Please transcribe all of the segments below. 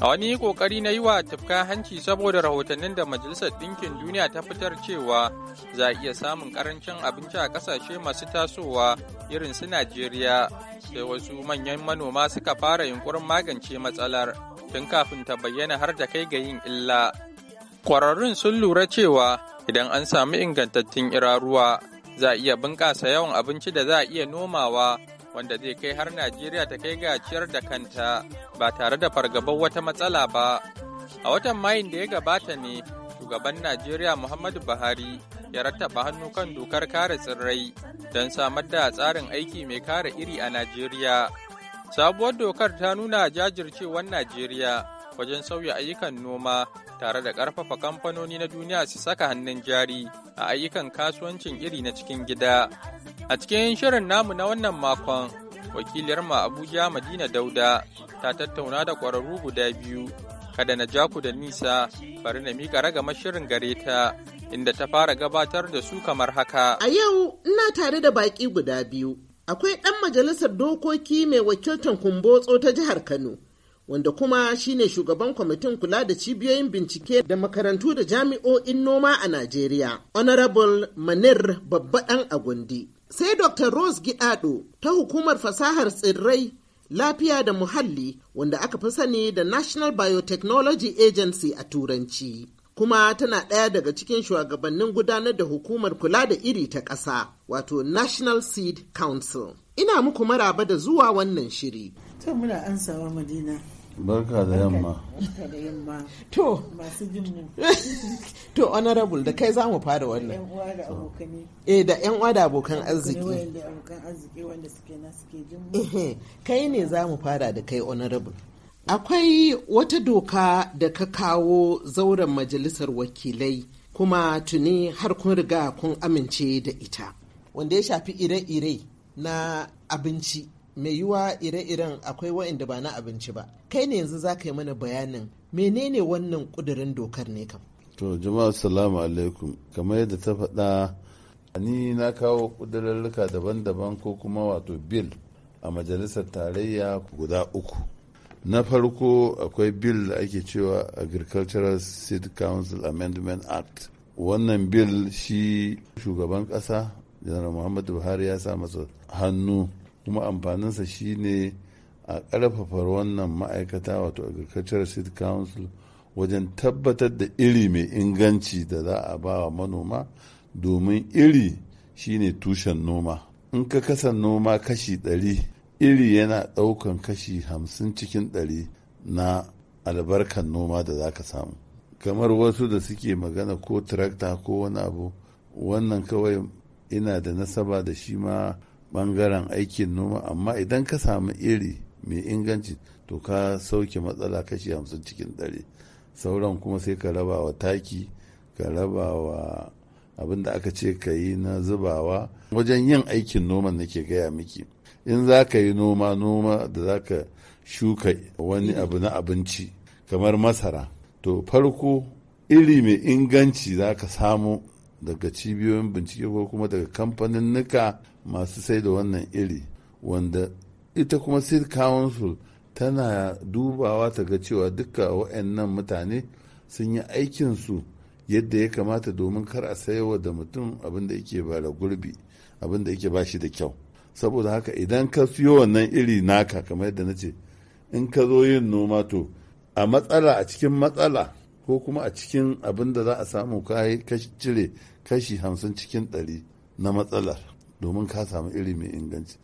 A wani kokari na yi wa tafka hanci saboda rahotannin da Majalisar Ɗinkin Duniya ta fitar cewa za a iya samun ƙarancin abinci a ƙasashe masu tasowa irin su Najeriya, sai wasu manyan manoma suka fara yunkurin magance matsalar tun kafin ta bayyana har da kai ga yin illa. Kwararrun sun lura cewa idan an samu ingantattun iraruwa za a iya bunƙasa yawan abinci da za a iya nomawa wanda zai kai har Najeriya ta kai gaciyar ciyar da kanta ba tare da fargabar wata matsala ba. A watan Mayin da ya gabata ne, shugaban Najeriya Muhammadu Buhari ya rattaba hannu kan dokar kare tsirrai don samar da tsarin aiki mai kare iri a Najeriya. Sabuwar dokar ta nuna jajircewar Najeriya wajen sauya ayyukan noma tare da ƙarfafa kamfanoni na duniya su saka hannun jari a ayyukan kasuwancin iri na cikin gida A cikin shirin namu na wannan makon, wakiliyar ma Abuja Madina Dauda ta tattauna da kwararru guda biyu, kada na ja ku da nisa, bari na miƙa ragamar shirin gare ta, inda ta fara gabatar da su kamar haka. A yau, ina tare da baƙi guda biyu. Akwai ɗan majalisar dokoki mai wakiltar Kumbotso ta jihar Kano, wanda kuma shine shugaban kwamitin kula da cibiyoyin bincike da makarantu da jami'o'in noma a Najeriya, Honorable Manir Babba ɗan Agundi. sai dr rose gidado ta hukumar fasahar tsirrai lafiya da muhalli wanda aka fi sani da national biotechnology agency a turanci kuma tana ɗaya daga cikin shugabannin gudanar da hukumar kula da iri ta ƙasa wato national seed council ina muku maraba da zuwa wannan shiri to muna ansawa madina Barka da yamma. To. Masu jin To honorable da kai za mu fara wannan. da Eh da yan uwa da abokan arziki. Wanda suke na suke Kai ne za mu fara da kai honorable. Akwai wata doka da ka kawo zauren majalisar wakilai kuma tuni har kun riga kun amince da ita. Wanda ya shafi ire-ire na abinci mai yiwa ire-iren akwai wa'inda ba na abinci ba kai ne yanzu za ka yi mana bayanin menene wannan kudirin dokar ne kam to jama'a salamu alaikum kamar yadda ta faɗa ni na kawo kudirarruka daban-daban ko kuma wato bill a majalisar tarayya guda uku na farko akwai bill da ake cewa agricultural seed council amendment act wannan bill shi shugaban ƙasa janar muhammadu buhari ya sa masa hannu kuma amfaninsa shine a ƙarfafa wannan ma'aikata wato AgriCulture seed council wajen tabbatar da iri mai inganci da za a ba wa manoma domin iri shine tushen noma in ka kasan noma kashi ɗari iri yana ɗaukan kashi hamsin cikin ɗari na albarkan noma da za ka samu kamar wasu da suke magana ko tirakta ko wani abu wannan kawai ina da nasaba da shi ma bangaren aikin noma amma idan ka samu iri mai inganci to ka sauke matsala kashi hamsin cikin ɗari sauran kuma sai ka raba wa taki ka raba wa abin aka ce ka yi na zubawa wajen yin aikin noman nake gaya miki in za ka yi noma noma da za ka shuka wani abu na abinci kamar masara to farko iri mai inganci za ka samu daga cibiyoyin bincike ko kuma daga kamfanin nika masu sai da wannan iri wanda ita kuma seed council tana dubawa ta ga cewa duka wa'annan mutane sun yi aikinsu yadda ya kamata domin kar a wa da mutum abin da yake ba da gurbi abin yake ba shi da kyau saboda haka idan ka siyo wannan iri naka kamar yadda na ce in ka zo yin noma to a matsala a cikin matsala ko kuma a cikin abin da za a samu ka cire kashi hamsin cikin ɗari na matsalar domin ka samu iri mai inganci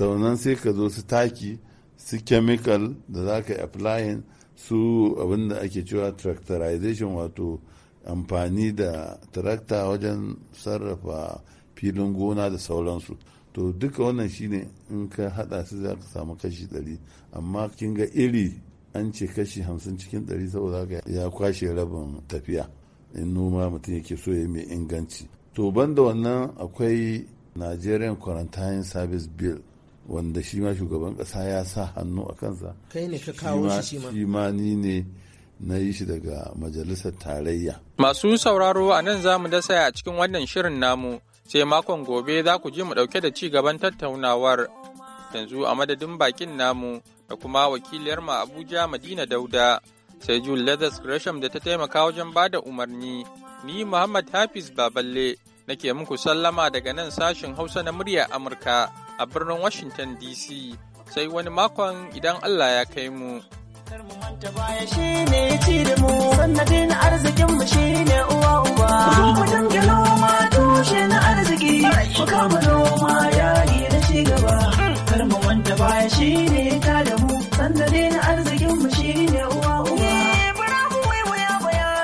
nan sai ka zo su taki su chemical da za ka yi su abin da ake cewa tractorization wato amfani da tarakta wajen sarrafa filin gona da sauransu to duka wannan shine in ka hada su za ka samu kashi ɗari amma kin ga iri an ce kashi hamsin cikin ɗari saboda haka ya kwashe rabin tafiya in noma mutum yake so ya mai inganci to banda wannan akwai nigerian quarantine service bill wanda shi ma shugaban kasa ya sa hannu a kansa kai ne ka kawo shi shi ma ni ne na yi shi daga majalisar tarayya masu sauraro a nan za mu dasa a cikin wannan shirin namu sai makon gobe za ku ji mu ɗauke da ci gaban tattaunawar yanzu a madadin bakin namu da kuma wakiliyar ma Abuja Madina Dauda sai Jul Leathers Gresham da ta taimaka wajen bada umarni ni Muhammad Hafiz Baballe nake muku sallama daga nan sashin Hausa na muryar Amurka a birnin Washington DC sai wani makon idan Allah ya kai mu. Kar mu, uwa